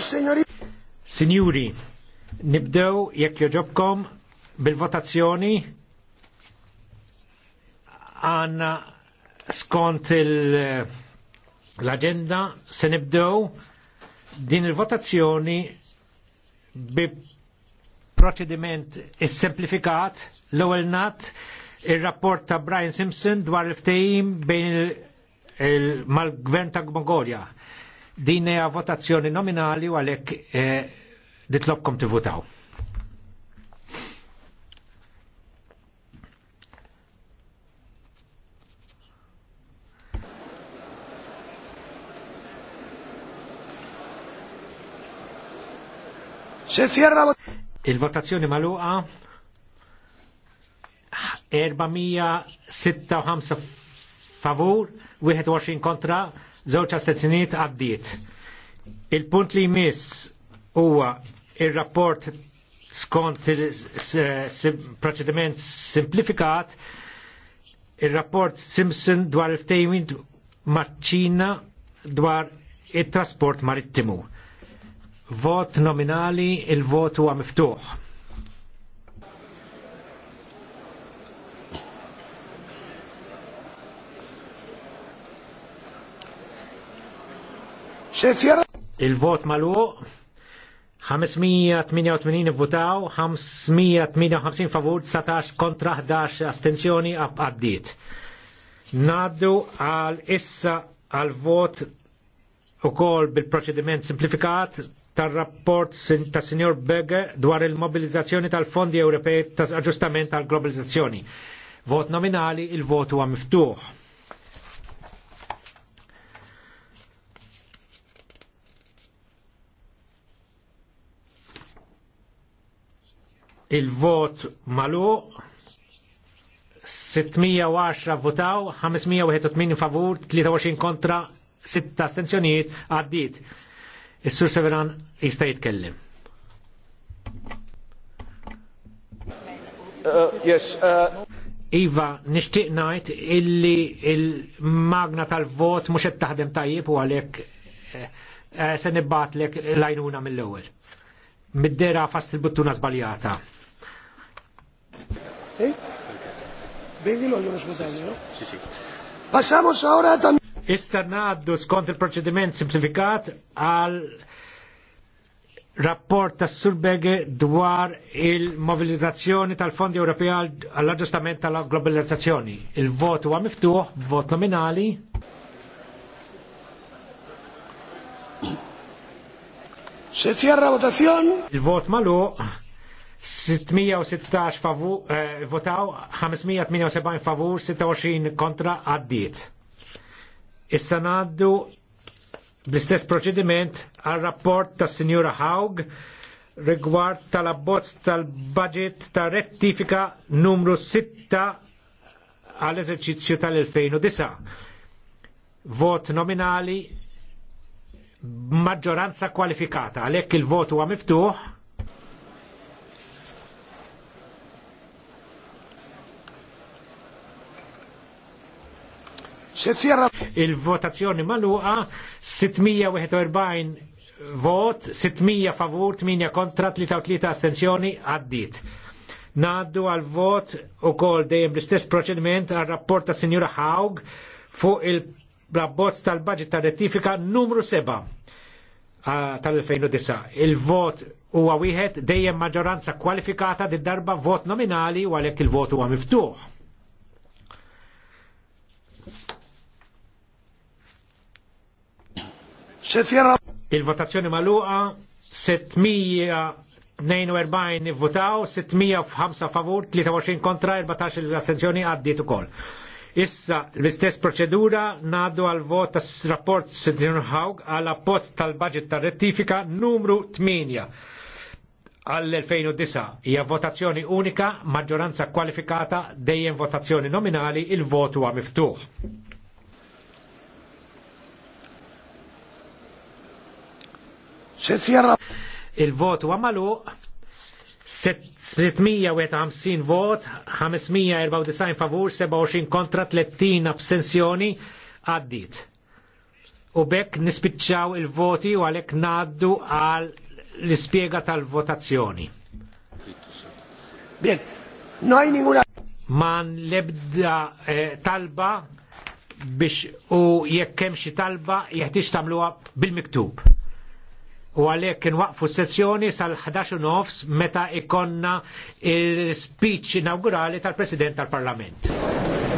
signori. Signori, nibdew jekk joġobkom bil-votazzjoni għanna skont l-agenda se nibdew din il-votazzjoni bi proċediment is-semplifikat l-ewwel nat ir-rapport ta' Brian Simpson dwar il-ftehim bejn il-mal-gvern ta' Mongolia. Din hija votazzjoni nominali u għalhekk eh, ditlobkom tivvutaw. Il-votazzjoni maluqa 456 favur, 21 kontra, zewċa astenzjonijiet għaddiet. Il-punt li jmiss huwa il-rapport skont il-proċediment simplifikat il-rapport Simpson dwar il-ftejmin maċċina dwar it trasport marittimu. Vot nominali, il-vot huwa miftuħ. Il-vot malu 588 votaw, 558 favur, 19 kontra 11 astenzjoni għaddit. Naddu għal issa għal vot u kol bil-proċediment simplifikat tal-rapport ta' Signor Bege dwar il-mobilizzazzjoni tal-fondi Ewropej ta' aġustament tal-globalizzazzjoni. Vot nominali, il-votu għam miftuħ. il-vot malu 610 votaw, 581 favur, 23 kontra, 6 astenzjoniet, għaddit. Is-Sur Severan jista' jitkellem. Uh, yes, uh... Iva, nixtieq ngħid illi il-magna tal-vot mhux qed taħdem tajjeb u għalhekk eh, eh, se nibbatlek l-għajnuna mill-ewwel. Middera fast il-buttuna żbaljata. ¿Eh? Vedi Passamos ora a... Issa naddu skont il-proċediment simplifikat għal rapport ta' Surbege dwar il-mobilizzazzjoni tal-Fondi Ewropea għall-aġġustament tal-globalizzazzjoni. Il-vot huwa miftuħ, vot nominali. Se cierra votazzjon. Il-vot maluq. 616 favur, eh, votaw, 578 favur, 26 kontra għaddit. Issa naddu bl-istess proċediment għal rapport tas signora Haug rigward tal-abbozz tal-budget ta' rettifika numru 6 għall eżerċizzju tal-2009. Vot nominali maġġoranza kwalifikata, għalhekk il votu huwa miftuħ. Il-votazzjoni maluqa 641 vot, 600 favur, 8 kontra, 33 astenzjoni għaddit. Naddu għal vot u kol dejjem l-istess proċediment għal rapport ta' Sinjura Haug fuq il-rabbozz tal-budget ta' rettifika numru 7 tal-2009. Il-vot huwa wieħed dejjem maġġoranza kwalifikata di darba vot nominali u għalhekk il-vot huwa miftuħ. Il-votazzjoni maluqa 642 votaw, 605 favur, 23 kontra, 14 l-assenzjoni għaddit ukoll. Issa l-istess proċedura nadu għal vot tas rapport Sidrin Haug għal appost tal-budget tal-rettifika numru 8 għall-2009 hija votazzjoni unika, maġġoranza kwalifikata, dejjem votazzjoni nominali, il-votu għamiftuħ. Il-vot huwa magħluq vot, 594 favur, 27 kontra, 30 abstenzjoni għaddit. U bekk nispiċċaw il-voti u għalhekk ngħaddu għal l-ispjega tal-votazzjoni. Bien, noi ninguna. Man lebda eh, talba biex u jekk hemm xi talba jeħtieġ tagħmluha bil-miktub u għalhekk waqfu sessjoni sal-11 nofs meta ikonna il-speech inaugurali tal-President tal-Parlament.